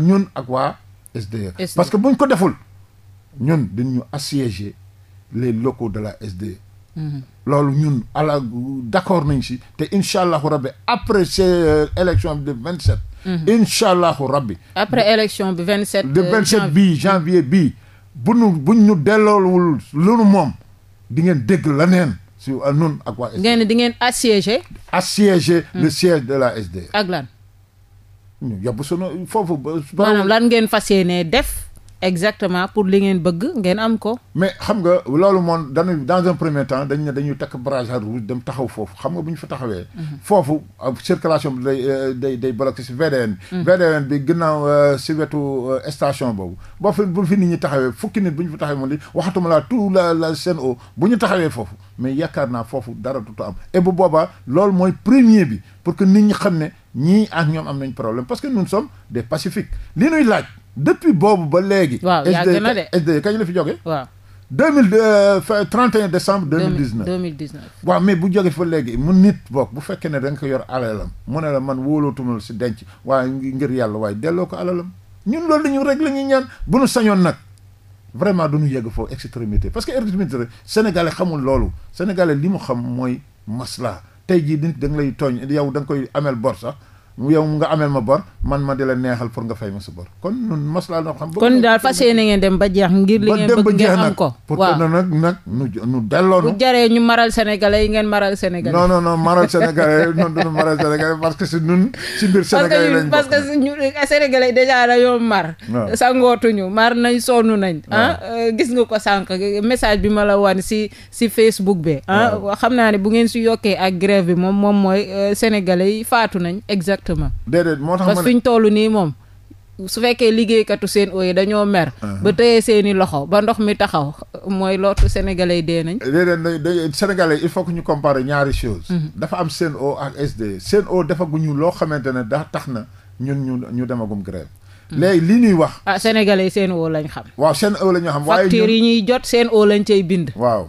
Speaker 2: ñun ak waa SDE. E. parce que buñ ko deful ñun dañu assiéger les locaux de la SDE. loolu ñun ala d' accord nañ si te incha allahu rabbi après ces euh, élection bi de 27. Mhm. incha allahu rabbi.
Speaker 1: après élection bi 27. de 27 euh, bii
Speaker 2: janvier bii bu nu buñ ñu delloowul lu nu moom di ngeen dégg la neen si euh, nun ak waa.
Speaker 1: ngeen di ngeen assiégé.
Speaker 2: assiégé hmm. le siège de la SDE. ak lan. ñu yóbbu sunu
Speaker 1: lan ngeen fas yéenee def. exactement pour li ngeen bëgg ngeen am ko.
Speaker 2: mais xam nga loolu moom dañuy dans un premier temps dañ ne dañuy takk barrage rouge dem taxaw foofu xam nga bu ñu fa taxawee. Mhm. foofu circulation bi day euh, day day bloqué si VDN. Mhm. VDN bi ginnaaw euh, euh, boobu boo fi bu fi nit ñi taxawee fukki nit bu ñu fa taxawee moom li waxatuma laa tout la la Sen'Eau bu ñu taxawee foofu mais yaakaar naa foofu dara du am et bu boobaa loolu mooy premier bi pour que nit ñi xam ne ñii ak ñoom am nañ problème parce que nous sommes des pacifiques li ñuy laaj. depuis boobu ba léegi. waaw yàgg na de SDE kañ la fi joge waaw deux mille euh, trente et un décembre deux mille dix neuf. deux mais bu joge fa léegi mu nit bokk bu fekkee ne da ko yor alalam mu ne la man wóolootumal si denc waaye ngir yàlla waaye delloo ko alalam ñun loolu ñu rek la ñuy ñaan bu nu sañoon nag. vraiment duñu yegg foofu extrémité parce que extrémité sénégalais xamul loolu sénégalais li mu xam mooy masla tey jii nit da nga lay tooñ yow danga koy ameel bor sax yow nga ameel ma bor man ma di la neexal pour nga fay ma sa bor kon nun maslaa noo xam.
Speaker 1: kon daal fas yéene ngeen dem ba jeex ngir li ngeen bëgg ngeen am ko pour que ñu maral sénégalais yi ngeen maral sénégalais non non non maral sénégalais
Speaker 2: noonu duñu maral sénégalais parce que si nun si mbir sénégalais lañ parce
Speaker 1: que ñu eh, sénégalais déjà dañoo mar sangootuñu mar nañ sonn nañ ah, eh, gis nga ko sànq message bi ma la wan si si facebook bi ah xam naa ne bu ngeen si yokkee ak grève bi moom moom mooy eh, sénégalais yi faatu nañ exact exactement.
Speaker 2: déedéet moo tax parce que suñ
Speaker 1: toll nii moom. su fekkee liggéeykatu seen o yi dañoo mer. Uh-huh. ba tëye seeni loxo ba ndox mi taxaw mooy lootu sénégalais dee nañ.
Speaker 2: déedéet sénégalais il faut que ñu comparer ñaari chose mm-hmm. dafa am CNO ak SDE CNO defaguñu loo xamante ne daa tax na ñun ñu ñu demagum grève. Mm-hmm. léegi li
Speaker 1: ñuy wax. ah seen CNO lañ xam.
Speaker 2: waaw CNO la ñu xam. waaye yi
Speaker 1: ñuy jot seen o lañ cay bind.
Speaker 2: waaw.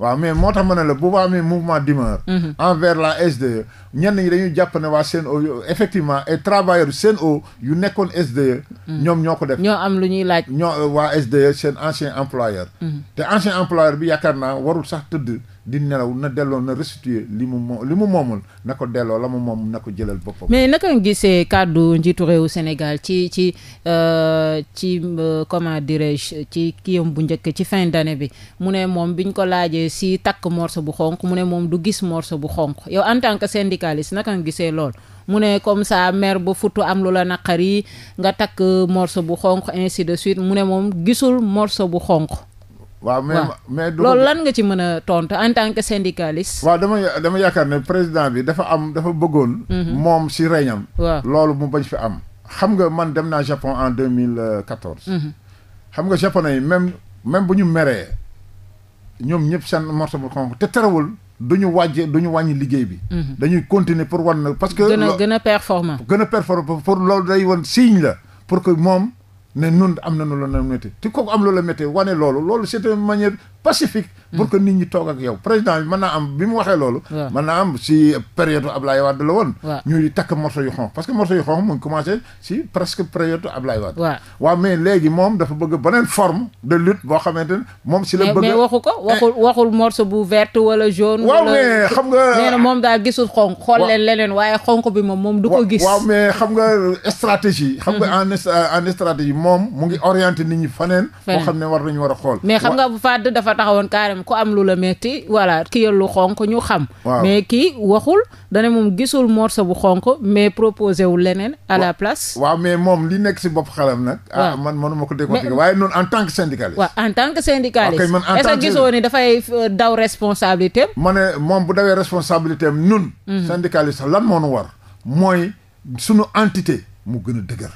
Speaker 2: waaw mais moo tax ma ne la bu ma amee mouvement d'humeur mhm. envers la SDE ñenn ñi dañuy jàpp ne waa CNO effectivement et travailleurs CNO yu nekkoon SDE mhm. ñoom ñoo ko def ñoo am lu ñuy laaj ñoo waa SDE seen ancien employeur mhm. te ancien employeur bi yaakaar naa warul sax tëdd di nelaw na delloo na restituer li mu moom li mu moomul na ko delloo la mu moom na ko jëlal boppam. mais
Speaker 1: naka nga gisee kàddu njiitu réewu Sénégal ci ci euh, ci euh, comment dirais-je ci kiyam bu njëkk ci fin d'année bi mu ne moom biñ ko laajee si takk morceau bu xonq mu ne moom du gis morceau bu xonq yow en tant que syndicaliste naka nga gisee lool. mu ne comme ça maire ba futu am lu la naqari nga takk morceau bu xonq ainsi de suite mu ne moom gisul morceau bu xonq. waaw mais mais loolu lan nga ci mën a tontu en tant que syndicaliste.
Speaker 2: waaw dama dama yaakaar ne président bi dafa am dafa bëggoon. Mhm. moom si réñam. loolu mu bañ fi am. xam nga man dem naa Japon en deux mille quatorze. Mhm. xam nga japonais yi même même bu ñu meree ñoom ñëpp seen morceau bu xonq te terewul du ñu wàjje du ñu wàññi liggéey bi. Mhm. dañuy continuer pour wan na parce que. gën a
Speaker 1: gën a performant.
Speaker 2: gën a performant pour loolu day wan signe la pour que moom. ne nun am na nu la metti te kooku am la la metti wane loolu loolu c'est une manière pacifique. pour que nit ñi toog ak yow président bi naa am bi mu waxee loolu. waaw mën naa am si période Ablaye Wade la woon. waaw ñuy takk morceau yu xonq parce que morceau yu xonq mu ngi commencé si presque période Ablaye Wade. waaw waaw mais léegi moom dafa bëgg beneen forme de lutte boo xamante ne moom. si la bëgg mais waxu
Speaker 1: ko waxul eh. waxul morceau bu verte wala jaune. waaw xam nga nee na moom daal gisul xonq. xool leen leneen waaye xonk bi moom moom du ko gis. waaw mais xam nga stratégie. xam nga mm-hmm. en en
Speaker 2: stratégie moom mu ngi orienté nit ñi faneen. faneen xam ne war nañu war a xool.
Speaker 1: dafa taxawoon carrément ku am lu la metti voilà kiyal lu xonk ñu xam. mais kii waxul dana moom gisul morceau bu xonk mais proposé wu leneen. à la place
Speaker 2: waaw mais moom li nekk si bopp xalam nag. ah man manuma ko décortiquer waaye noonu en tant que syndicaliste. waaw
Speaker 1: en tant que syndicaliste. ok man en tant que euh, est-ce
Speaker 2: ma ne moom bu dawee responsabilité am ñun. Mhm. syndicaliste lan moo nu war mooy sunu entité mu gën a dëgër.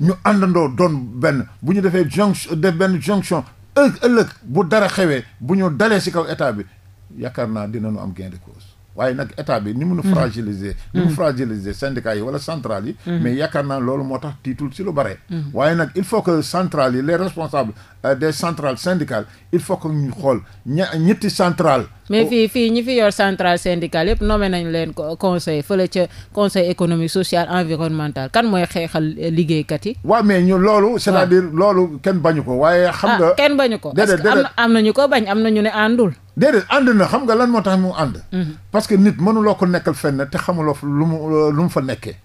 Speaker 2: ñu àndandoo doon benn bu ñu defee jonction def benn jonction ëllëg bu dara xewee bu ñu dalee si kaw état bi yaakaar naa dinañu am gain de waaye nag état bi ni mun a mm. fragiliser ni mu mm. fragiliser syndicats yi wala central yi mm. mais yaakaar naa loolu moo tax tiitul si lu bare waaye nag il faut que central yi les responsables euh, des centrales syndicales il faut que ñu xool ña ñetti central
Speaker 1: mais oh. fii fii ñi fi yor centrale syndicale yëpp nommé nañ leen conseil fële ca conseil économique social environnemental kan mooy xeexal liggéeykat yi waaw mais ñu
Speaker 2: loolu c'est-à-dire loolu kenn bañu ko waaye xam ah, nga kenn bañu ko
Speaker 1: am na ko bañ am na ñu ne àndul
Speaker 2: déedéet ànd na xam nga lan moo tax mu ànd. Mhm. parce que nit mënuloo ko nekkal fenn te xamuloo lu mu lu mu fa nekkee.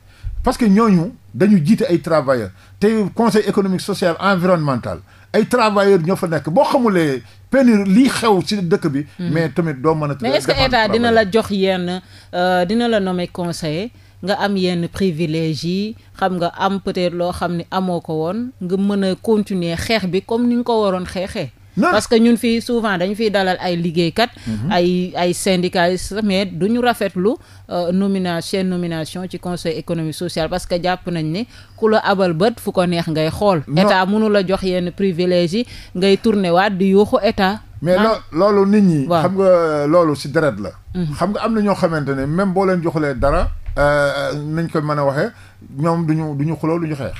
Speaker 2: parce que ñooñu dañu jiite ay travailleurs te conseil économique social environnemental ay travailleurs ñoo fa nekk boo xamulee pénurie lii xew ci dëkk bi. Mhm. mais tamit doo mën a. mais est-ce que dina la
Speaker 1: jox yenn euh, dina la nommer conseiller nga am yenn privilège yi xam nga am peut-être loo xam ni amoo ko woon nga mën a continuer xeex bi comme ni nga ko waroon xeexee. parce que ñun fii souvent dañu fiy dalal ay liggéeykat. Mhm. ay ay syndicalistes mais du ñu rafetlu euh, nomina seen nomination ci conseil économie sociale parce que jàpp nañ ne ku la abal bët fu ko neex ngay xool. état mënu la jox yenn privilèges yi ngay tourné waat di yuuxu état. mais ah.
Speaker 2: loolu nit ñi. xam nga euh, loolu si deret la. Mhm. xam nga am na ñoo xamante ne même boo leen joxulee dara. Euh, nañ ko mën a waxee ñoom duñu duñu xuloo duñu xeex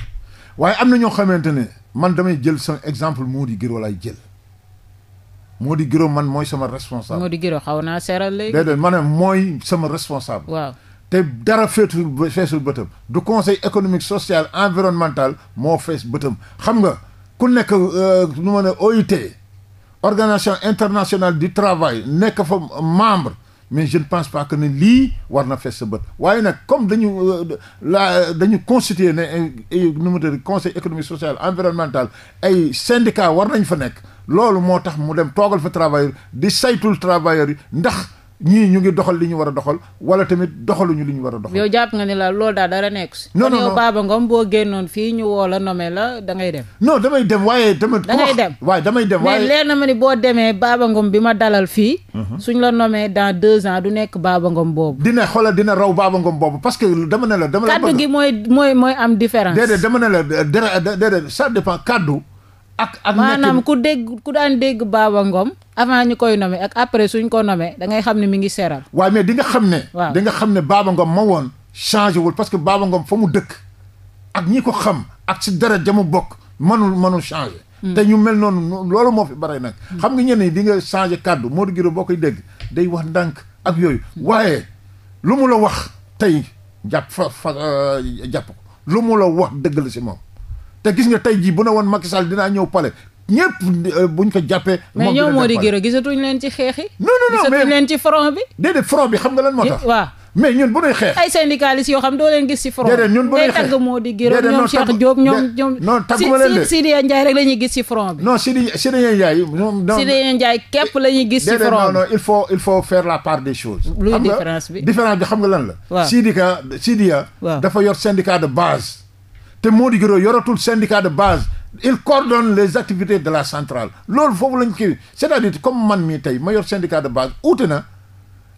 Speaker 2: waaye am na ñoo xamante ne man damay jël son exemple moo di gër walaay jël. moo di Guiro man mooy sama responsable.
Speaker 1: di Guiro xaw naa seeral léegi. déedéet
Speaker 2: ma ne mooy sama responsable. waaw te dara feesul feesul bëtëm. du conseil économique social environnemental moo fees bëtëm xam nga ku nekk euh, nu ma ne OIT organisation internationale du travail nekk fa membre. mais je ne pense pas que ne lii war na fees sa bët waaye nag comme dañu euh, la dañu constituer ne euh, nu mu tudd conseil économie social environnemental ay syndicat war nañ fa nekk loolu moo tax mu dem toogal fa travailleur di saytul travailleurs yi ndax ñii ñu ngi doxal li ñu war a doxal wala tamit doxaluñu li ñu war a doxal.
Speaker 1: yow jàpp nga ni la lool daal dara nekk si. non Ngom boo génnoon fii ñu woo la nommé la dangay ngay dem.
Speaker 2: non damay dem waaye tamit. da ngay dem waaye damay dem waaye. mais leer
Speaker 1: na boo demee Baba bi ma dalal fii. Mhm. suñ la nommé dans deux ans du nekk Baba Ngom boobu.
Speaker 2: dina xoolal dina raw Baba Ngom boobu parce que dama ne la. dama la kaddu gi
Speaker 1: mooy mooy mooy am différence. déedéet
Speaker 2: dama ne la dara déedéet ça dépend kaddu.
Speaker 1: ak ak maanaam ku dégg ku daan dégg Baba Ngom. avant ñu koy nommé ak après suñ ko nommé dangay ngay xam ne mu ngi seeral.
Speaker 2: waaye mais dinga nga xam ne. waaw di nga xam ne Baba Ngom ma woon changé wul parce que Baba Ngom fa mu dëkk ak ñi ko xam ak si dara jamu bokk mënul mënul changé. Hmm. te ñu mel noonu loolu moo fi bare nag. Hmm. xam nga ñenn ñi dinga nga changé kàddu Modou Guiro boo koy dégg day wax ndànk ak yooyu hmm. waaye lu mu la wax tey jàpp fa fa euh, jàpp ko lu mu la wax dëgg la si moom. te gis nga tey jii bu ne woon Macky Sall dinaa ñëw pale ñëpp euh, buñ ko jàppee. mais ñoom moo di gërëm
Speaker 1: gisatuñ leen ci xeex yi.
Speaker 2: non non non gisatuñ leen ci front bi. xam nga lan moo mais ñun bu nuy xeex. ay
Speaker 1: syndicalistes yoo xam doo leen gis ci front. déedéet ñun bu nuy day tagg moo di gërëm ñoom Cheikh Diop la gis ci front bi. non Sidi
Speaker 2: Sidi Ndiaye. moom non Sidi
Speaker 1: Ndiaye képp la ñuy
Speaker 2: gis. ci front bi xam nga lan dafa yor syndicat de base. te Mody Guiro yoratul syndicat de base il coordonne les activités de la centrale loolu foofu lañ kii cest comme man mii tey ma yor syndicat de base uute na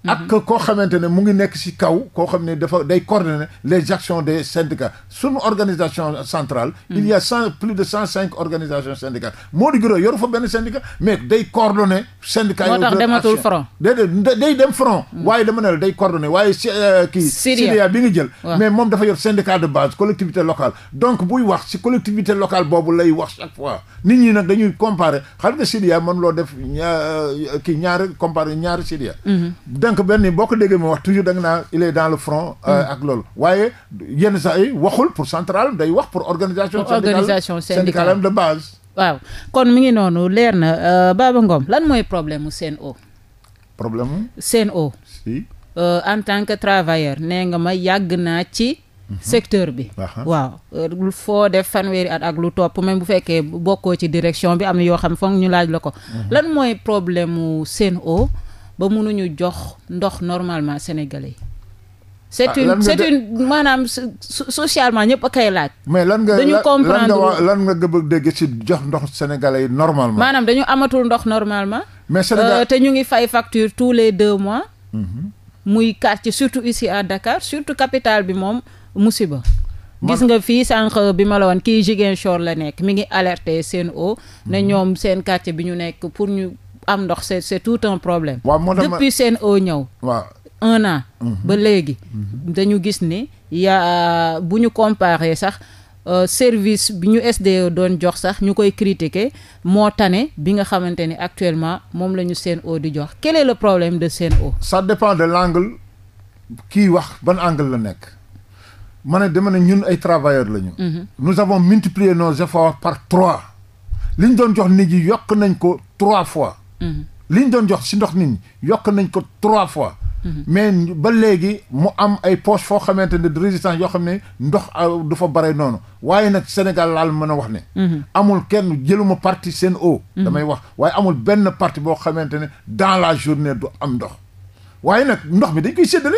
Speaker 2: ak mhm. koo xamante ne mu ngi nekk si kaw koo xam ne dafa day coordonner les actions des syndicats sunu organisation centrale mhm. il y a plus de cent cinq organisations syndicales moo di gërëm yoru fa benn syndicat mais day coordonner syndicat moo tax dematul front déedéet day dem front mhm. waaye dama ne day coordonner waaye euh, kii CDA bi nga jël mais moom dafa yor syndicat de base collectivité locale donc buy wax si collectivité locale boobu lay wax chaque fois nit ñi nag dañuy comparer xam nga CDA mën loo def euh, kii ñaari comparer ñaari CDA sànq benn boo ko déggee mu wax toujours da nga naan il est dans le front. Euh, hmm. ak loolu waaye yenn saa yi waxul pour centrale day wax pour organisation. syndicale syndicale de base.
Speaker 1: waaw kon mi ngi noonu leer na euh, Baba ngoom lan mooy problème mu o problème mu. CNO. si. Euh, en tant que travailleur nee nga ma yàgg naa ci. Mhm. secteur bi. waaw foo def fanweeri at ak lu topp même bu fekkee bokkoo ci direction bi am na yoo xam foog ñu laaj la ko. Mhm. lan mooy problème mu o ba mënuñu jox ndox normalement sénégalais yi. Ah, c'est une c'est une maanaam socialement ñëpp a koy laaj. dañu comprendre mais lan nga lan
Speaker 2: nga bëgg dégg ci jox ndox sénégalais yi normalement.
Speaker 1: maanaam dañu amatul ndox normalement. mais Sénégal euh, te ñu ngi fay facture tous les deux mois. Mhm. muy quartier surtout isi à Dakar surtout capitale bi moom musiba. gis nga fii sànq bi ma la woon kii Ziguinchor la nekk mi ngi alerter Sen'Eau. ne mhm. ñoom seen quartier bi ñu nekk pour ñu am ndox c'est c'est tout un problème depuis seen oo ñëw waaw un an mhm. ba léegi dañu gis ni yaa bu ñu comparer sax Euh, service bi ñu SDE doon jox sax ñu koy critiquer moo tane bi nga xamante ni actuellement moom la ñu Sen'Eau di jox
Speaker 2: quel la problème de Sen'Eau ça dépend de l'angle kii wax ban angle la nekk ma ne dama ne ñun ay travailleurs lañu ñu mhm. nous avons multiplié nos efforts par trois li doon jox nit yi yokk nañ ko trois fois li ñu doon jox si ndox nit ñi yokk nañ ko trois fois. mais ba léegi mu am ay poche foo xamante ne de résistance yoo xam ne ndox euh, du fa bare noonu waaye nag Sénégal laal mën a wax ne. amul kenn jëluma parti seen eau. damay wax waaye amul benn parti boo xamante ne dans la journée du am ndox waaye nag ndox mi dañ koy séddale.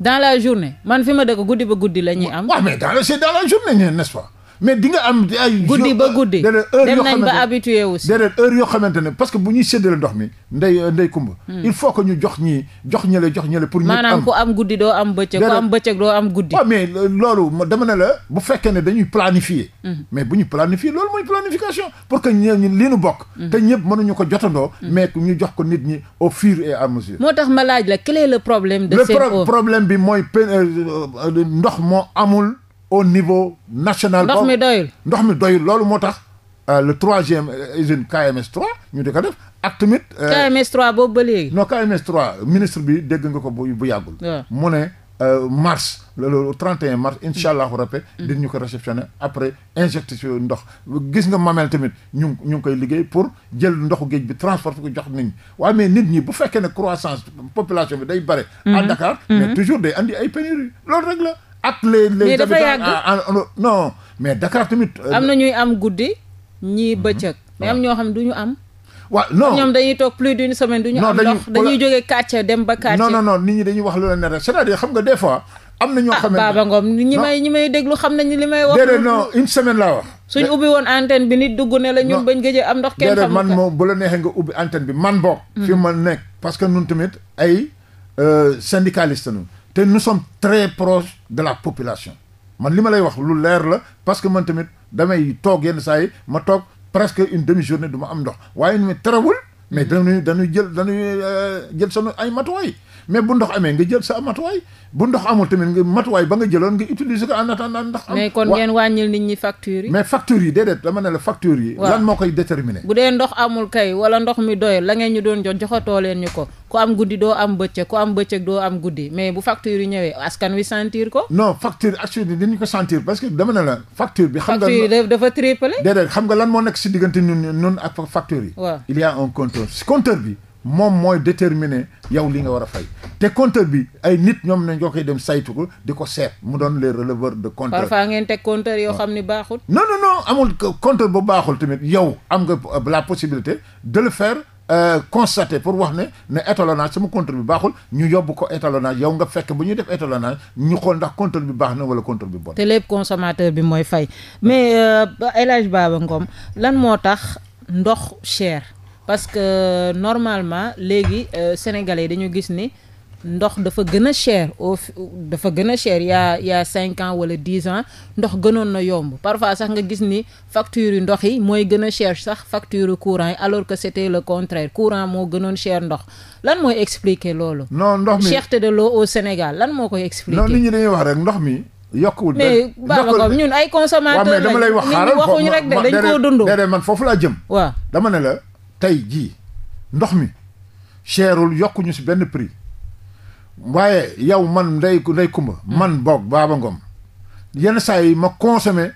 Speaker 2: dans la journée man
Speaker 1: fi ma dëkk guddi ba guddi la am. waaw mais dans la c'est
Speaker 2: dans la n'est-ce mais di nga am ay. guddi ba guddi dem nañ ba habitué aussi déedéet heure yoo xamante ne parce que bu ñuy séddale ndox mi ndey euh, ndey kumba. Hmm. il faut que ñu jox ñi jox ñële jox ñële. pour ñu am maanaam ku
Speaker 1: am guddi doo am bëccëg. ku am bëccëg
Speaker 2: doo am guddi. waaw mais loolu dama ne la bu fekkee ne dañuy planifier. Hmm. mais bu ñu planifier loolu mooy planification pour que ñi li nu bokk. Hmm. te ñëpp mënuñu ko jotandoo. mais ñu jox ko nit ñi au fur et à mesure.
Speaker 1: moo tax ma laaj la quel est le problème. de Sen'Eau le problème
Speaker 2: bi mooy euh, euh, ndox moo amul. au niveau national. ndox mi doyul mi doyul loolu moo tax. Euh, le troisième euh, usine KMS 3 ñu di ko def ak tamit. Euh, KMS 3 boobu ba léegi. non KMS 3 ministre bi dégg nga ko bu bu yàggul. mu ne mars le 31 mars incha allah rappe mm. di ñu ko réceptionné après injecté si ndox gis nga mamel tamit ñu ngi ñu ngi koy liggéey pour jël ndoxu géej bi transporté ko jox nit ñi waaye mais nit ñi bu fekkee ne croissance population bi day bare. à mm-hmm. Dakar. Mm-hmm. mais toujours day andi ay pénurie loolu at ak les les habitants non mais Dakar tamit. Euh, am
Speaker 1: na ñuy am guddi ñii mhm. bëccëg. mais am ñoo xam ne du ñu am. waaw non ñoom dañuy toog plus d'une semaine. du ñu am ndox dañuy jógee quartier dem ba quartier. non non non nit ñi dañuy wax lu la ne xam nga des fois. am na ñoo ah, xam ne may déglu xam nañu li may. wax déedéet non
Speaker 2: une semaine laa wax.
Speaker 1: suñu ubbi woon antenne bi nit dugg ne la ñun bañ gëjee am ndox. kenn xamul man
Speaker 2: moom bu la neexee nga ubbi antenne bi man boog. Mm-hmm. fi ma nekk parce que ñun tamit ay euh, syndicaliste nu te nu sommes très proches de la population man li ma lay wax lu leer la parce que man tamit damay toog yenn saa ma toog presque une demi-journée du ma am ndox waaye nu mu terewul mais mm. dañuy dañuy jël dañuy euh, jël sunu ay matuwaay mais bu ndox amee nga jël sa matuwaay bu ndox amul tamit nga matuwaay ba nga jëloon nga
Speaker 1: utiliser ko am mais kon ngeen nit ñi factures yi. mais
Speaker 2: factures yi déedéet la factures yi. lan moo koy déterminer. bu
Speaker 1: dee ndox amul kay wala ndox mi doy la ngeen ñu doon jox joxatoo leen ñu ko ku am guddi doo am bëccëg ku am bëccëg doo am guddi mais bu factures yi ñëwee askan wi sentir ko.
Speaker 2: non facture assurée dinañ ko sentir parce que dama ne la facture bi. xam nga facture yi
Speaker 1: dafa triplé. déedéet
Speaker 2: xam nga lan moo nekk si diggante ñun ñun ak factures bi moom mooy déterminer yow li nga war a fay te compteur bi ay nit ñoom ne ñoo koy dem saytu ko di ko seet mu doon les releveurs de compteur. parfois
Speaker 1: ngeen teg compteur yoo ah. xam ni baaxul.
Speaker 2: non non non amul compteur bu baaxul tamit yow am nga euh, la possibilité de le faire. Euh, pour wax ne ne étalonnage ma contre bi baaxul ñu yóbbu ko étalonnage yow nga fekk bu ñu def étalonnage ñu xool ndax compteur bi baax na wala compteur bi bon. te
Speaker 1: lépp consommateur bi mooy fay mais euh, El Hadj Baba Ngom moo tax ndox cher. parce que normalement léegi euh, sénégalais yi dañu gis ni ndox dafa gën a chair au dafa gën a cher yaa yaa cinq ans wala dix ans ndox gënoon na yomb parfois sax nga gis ni facture yu ndox yi mooy gën a cher sax facture courant yi alors que c'était le contraire courant moo gënoon cher ndox lan mooy expliquer loolu. non ndox mi cherté de l'eau au Sénégal lan moo koy expliquer. non nit ñi dañuy
Speaker 2: wax rek ndox mi. yokkuwul mais Babacar ñun ay
Speaker 1: consommateurs lañ. waaw mais dama lay wax xaaral rek de dañ koo
Speaker 2: dund. déedéet man foofu laa jëm. waaw tey jii ndox mi cherul yokkuñu si benn prix waaye yow man ndey ndey kumba hmm. man boog baaba ngom yenn saa yi ma consommer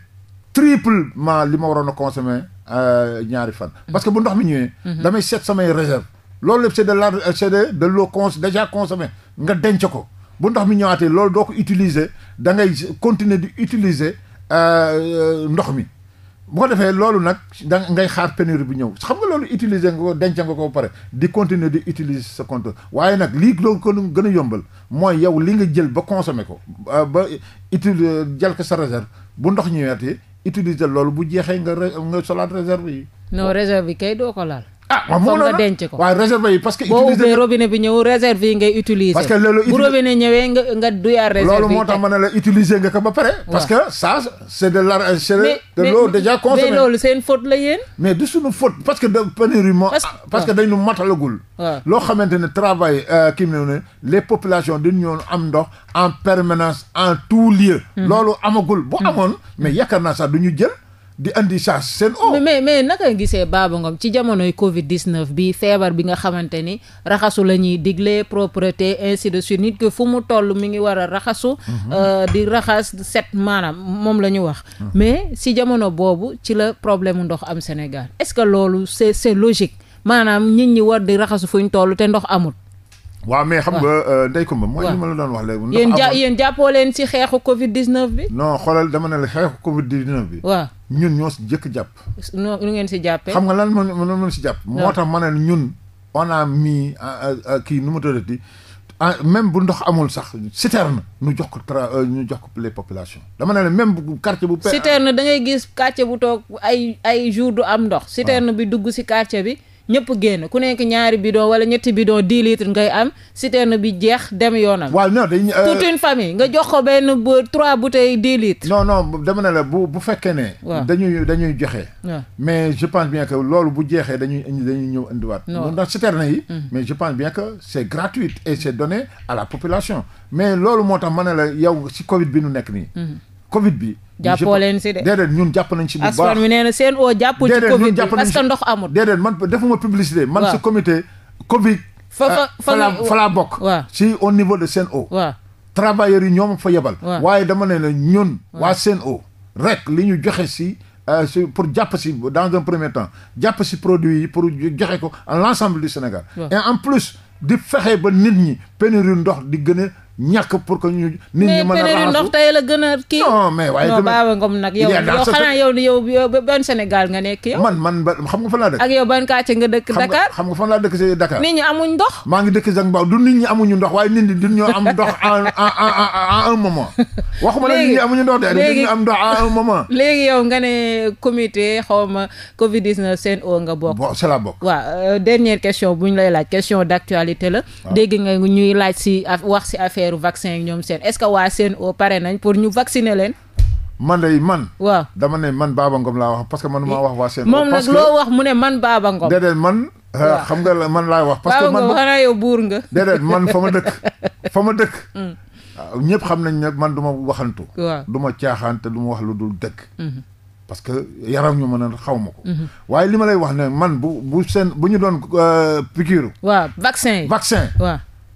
Speaker 2: triplement li ma waroon a consommer euh, ñaari fan hmm. parce que bu ndox mi ñëwee hmm. damay seet samay réserve loolu lépp c'est de la c'est de de l'eau cons déjà consommée nga denc ko bu ndox mi ñëwaatee loolu doo ko utiliser da ngay continuer di utiliser euh, euh, ndox mi boo defee loolu nag da ngay xaar pénurie bu ñëw xam nga loolu utiliser nga ko denc nga ko ba pare di continuer di utiliser sa compte waaye nag lii loolu ko gën a yombal mooy yow li nga jël ba consommer ko ba utiliser jël ko sa réserve bu ndox ñëwaatee utiliser loolu bu jeexee nga
Speaker 1: nga solaat réserve yi. non réserve yi kay doo ko laal. ah waaw moom la denc ko waaw réserve yi parce que. utiliser boo ubbee robinet bi ñëw réserve yi ngay utiliser. ñëwee nga duyaat réserve moo tax
Speaker 2: ma ne la utiliser nga ko ba pare. parce que ça c' est de l' ar c' est de mais loolu seen faute la yéen. mais du suñu faute parce que de pénurie ah, dañu matalagul. waaw loo xamante ne travail euh, kii mu ne les populations dañu ñëw am ndox en permanence en tout lieu. Hmm. loolu amagul bu hmm. amoon mais yaakaar naa sax du ñu jël. di andi charge seen
Speaker 1: o mais mais naka nga gisee Baba Ngom ci jamonoy Covid 19 bi feebar bi nga xamante ni raxasu la ñuy digle propreté ainsi de suite nit ki fu mu toll mi ngi war a raxasu. Mhm. Euh, di raxas set maanaam moom la ñu wax. Mhm. mais si jamono boobu ci la problème ndox am Sénégal est-ce que loolu c'est c'est logique maanaam ñit ñi war di raxasu fu ñu toll te ndox amul.
Speaker 2: waaw mais xam nga euh, Ndeye Comba mooy li ma la doon wax léegi. yéen ja
Speaker 1: yéen jàppoo leen ci xeexu Covid 19 bi.
Speaker 2: non xoolal dama ne la xeexu Covid 19 bi. waaw ñun ñoo si jëkk jàpp.
Speaker 1: noo ngeen si jàppee. xam nga
Speaker 2: lan moo lan moo si jàpp. moo tax ma ne ñun on a mis euh, euh, kii nu mu tëddati même bu ndox amul sax citerne ñu jox ko tra ñu jox ko les populations dama ne la même bu quartier bu. citerne
Speaker 1: da ngay gis quartier bu toog ay ay jour du am ndox. citerne bi dugg si quartier bi. ñëpp génn ku nekk ñaari bidon wala ñetti bidon dix litres ngay am citerne bi jeex dem yoonam. waaw non dañ. Euh, toute une famille nga jox ko
Speaker 2: benn bu trois bouteilles dix litres. non non dama ne la bu bu fekkee ne. dañuy dañuy joxe. mais je pense bien que loolu bu jeexee dañuy dañuy ñëw indiwaat. non ndax citerne yi. Mm-hmm. mais je pense bien que c'est gratuit et c'est donné à la population. mais loolu moo tax ma ne la yow si Covid bi nu nekk nii. Mm-hmm. Covid bi. jàppoo leen si de déedéet ñun jàpp nañ si bu baax askan wi
Speaker 1: nee na seen oo jàpp ci covid bi parce que
Speaker 2: ndox amul déedéet man defuma publicité man sa comité covid fa fa euh, fa laa bokk si au niveau de Sen'Eau waaw travailleurs yi ñoom fa yebal waaye dama ne la ñun waa Sen'Eau rek li ñu joxe si euh, si pour jàpp si dans un premier temps jàpp si produit yi pour joxe ko à l'ensemble du Sénégal et en plus di fexe ba nit ñi pénurie ndox di gën a ñàkk pour que ñu. nit ñi mën a raxasu
Speaker 1: tey la gën a kii. non mais waaye tamit non Baba Ngom nag. yow yow xanaa yow nga nekk yow. man ba xam nga fan laa yow ban quartier nga dëkk xam nga fan laa dëkk si Dakar. nit ñi amuñ ndox.
Speaker 2: maa ngi dëkk Zangbaaw du nit ñi amuñu ndox waaye nit ñi du ñoo am ndox en en en <laughs> amuñu ndox de. am ndox en un moment.
Speaker 1: <laughs> léegi yow nga ne comité xaw ma Covid 19 seen o nga bokk. bon c'est la bokk. waaw euh, dernière question bu ñu lay laaj question d'actualité la. dégg nga ñuy laaj si wax si affaire affaire vaccin yi ñoom seen est que waa Sen'Eau pare nañ pour ñu vacciner leen.
Speaker 2: man lay man. waaw dama ne man Baba Ngom laa wax parce que man maa wax waa Sen'Eau. moom nag loo
Speaker 1: wax mu ne man Baba Ngom. déedéet
Speaker 2: man. Euh, xam nga la man laay wax. parce que man Baba Ngom
Speaker 1: xanaa yow buur nga. déedéet man fa ma dëkk
Speaker 2: <laughs> fa ma dëkk. Mm. ñëpp xam nañ ne man du ma waxantu. waaw du ma caaxaan te du wax lu dul dëkk mm-hmm. parce que yaram ñu mën a xaw ma ko. Mm-hmm. waaye li ma lay wax ne man bu bu seen bu ñu doon euh, piqûre.
Speaker 1: waaw vaccin yi vaccin.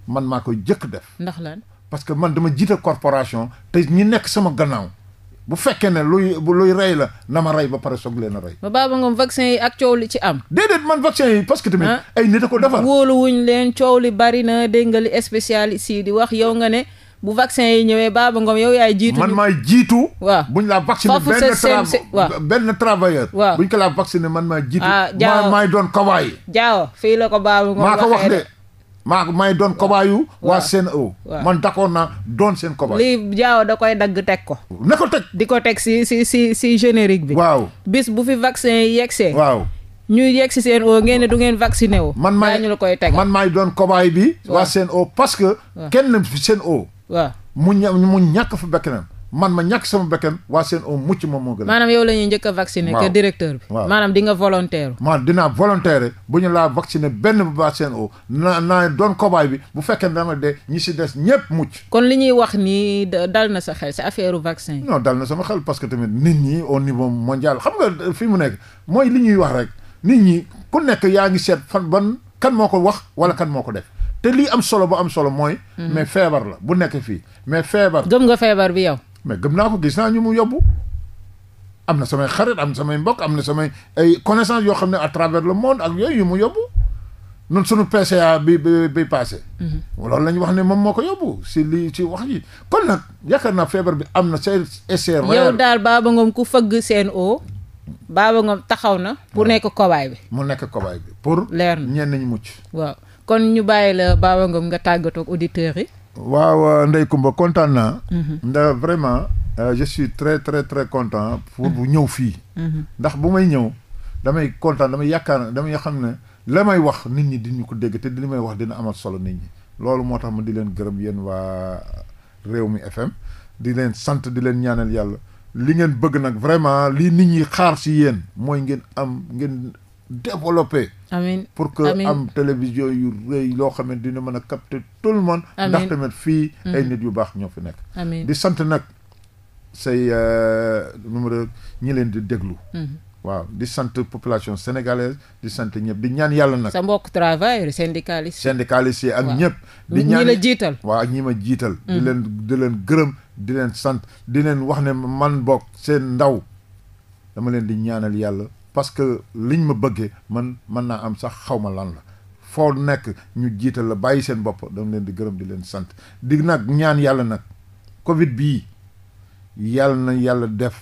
Speaker 2: man maa koy jëkk def. ndax lan parce que man dama jiite corporation te ñi nekk sama gannaaw bu fekkee ne luy luy rey la na ma rey ba pare soog leen a rey.
Speaker 1: ba Baba Ngom vaccin yi ak coow li ci am. déedéet man vaccin yi parce que tamit. Ah. ay nit a ko defar wóoluwuñ leen coow li bari na dégg nga li spécialiste yi di wax yow nga ne. bu vaccin yi ñëwee Baba Ngom yow yaay jiitu. man
Speaker 2: maay jiitu. waaw buñ la vacciné benn tra benn travailleur. waaw buñ ko la vacciné man maay jiitu. ah Diaw maay doon maa may doon kobaayu. waa CNO. man d'accord na doon seen kobaay. li
Speaker 1: jaaw da koy dagg teg ko. ne ko teg di ko teg si si si si générique bi. waaw bis bu fi vaccin yegsee. waaw. ñuy yegg si seen o ngeen ne du ngeen vacciné wu. man maay ñu la koy teg man maay doon kobaay
Speaker 2: bi. waa seen o parce que. kenn seen o. mu ña mu ñàkk fa bekkanam man ma ñàkk sama bakkan waa seen o mucc ma moo gën a. maanaam
Speaker 1: yow la ñuy njëkk a vacciner. waaw que
Speaker 2: directeur bi. waaw maanaam
Speaker 1: di nga volontaire.
Speaker 2: maanaam dinaa volontaire bu ñu laa vacciner benn bu waa seen o naa naa doon kobaay bi bu fekkee da de dee ñi si des ñëpp mucc.
Speaker 1: kon li ñuy wax nii dal na sa xel si affaire vaccin. non
Speaker 2: dal na sama xel parce que tamit nit ñi au niveau mondial xam nga euh, fi mu nekk mooy li ñuy wax rek nit ñi ku nekk yaa ngi seet fan ban kan moo ko wax wala kan moo ko def. te lii am solo bu am solo mooy. Mm-hmm. mais feebar la bu nekk fii mais feebar. gëm nga feebar bi yow. mais gëm naa ko gis naa ñu mu yóbbu am na samay xarit am na samay mbokk am na samay ay connaissance yoo xam ne à travers le monde ak yooyu yu mu yóbbu nun suñu PCA bi bi bi passé mhm. loolu la ñu wax ne moom moo ko yóbbu si lii si wax ji kon nag yaakaar naa feebar bi am na seen essai réel yow
Speaker 1: daal Baba Ngom ku fëgg seen o Baba nga taxaw na pour nekk kobaay bi
Speaker 2: mu nekk kobaay bi pour leer ñeen nañu mucc
Speaker 1: waaw kon ñu bàyyi la Baba Ngom nga tàggatoo auditeurs yi
Speaker 2: waaw Ndeye Comba kontaan naa. Mhm. ndax vraiment euh, je suis très très très content. pour bu ñëw fii. Mhm. ndax bu may ñëw damay kontaan damay yaakaar damay xam ne la may wax nit ñi diñu ko dégg te li may wax dina amal solo nit ñi. loolu moo tax ma di leen gërëm yéen waa réew mi FM di leen sant di leen ñaaneel yàlla li ngeen bëgg nag vraiment lii nit ñi xaar si yéen mooy ngeen am ngeen développer. amiin pour que am télévision yu rëy loo xam dina mën a capter tout le monde. ndax tamit fii. Mm-hmm. ay nit yu baax ñoo fi nekk. amiin di sant nag say euh, numéro ñi leen di déglu. Mm-hmm. waaw di sant population sénégalaise di sant ñëpp di ñaan yàlla nag. sa
Speaker 1: mbokk travailleur syndicaliste.
Speaker 2: syndicaliste yi ak ñëpp. di ñaan jiital. waaw ak ñi ma jiital. di mm. leen di leen gërëm di leen sant di leen wax ne man bokk seen ndaw dama leen di ñaanal yàlla. parce que liñ ma bëggee man mën naa am sax xawma ma lan la foo nekk ñu jiital la bàyyi seen bopp dama leen di gërëm di leen sant digg nag ñaan yàlla nag Covid bii yàlla na yàlla def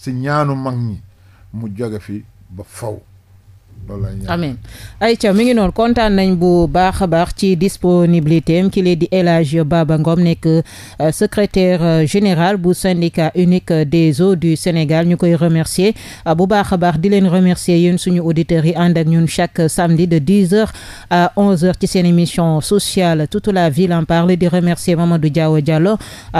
Speaker 2: si ñaanu mag ñi mu jóge fi ba fow loolu la
Speaker 1: ñu amiin mi ngi noonu kontaan nañ bu baax a baax ci disponibilité am ki lee di El Baba Ngom nekk euh, secrétaire euh, général bu syndicat unique des eaux du Sénégal ñu koy remercier euh, bu baax a baax di leen remercier yéen suñu auditeurs yi ànd ak ñun chaque samedi de 10 heures à 11 ci seen émission sociale toute la ville en parle di remercier Mamadou Diaw Diallo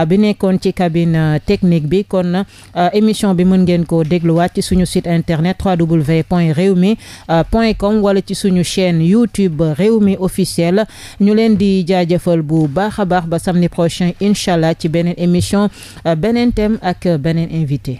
Speaker 1: bi nekkoon ci cabine technique bi kon émission bi mën ngeen ko dégluwaat ci suñu sit internet www.rewmi Euh, point com wala ci suñu chaîne YouTube Rewmi officiel ñu leen di jaajëfal bu baax a baax ba samedi prochain incha allah ci beneen émission euh, beneen thème ak beneen invité.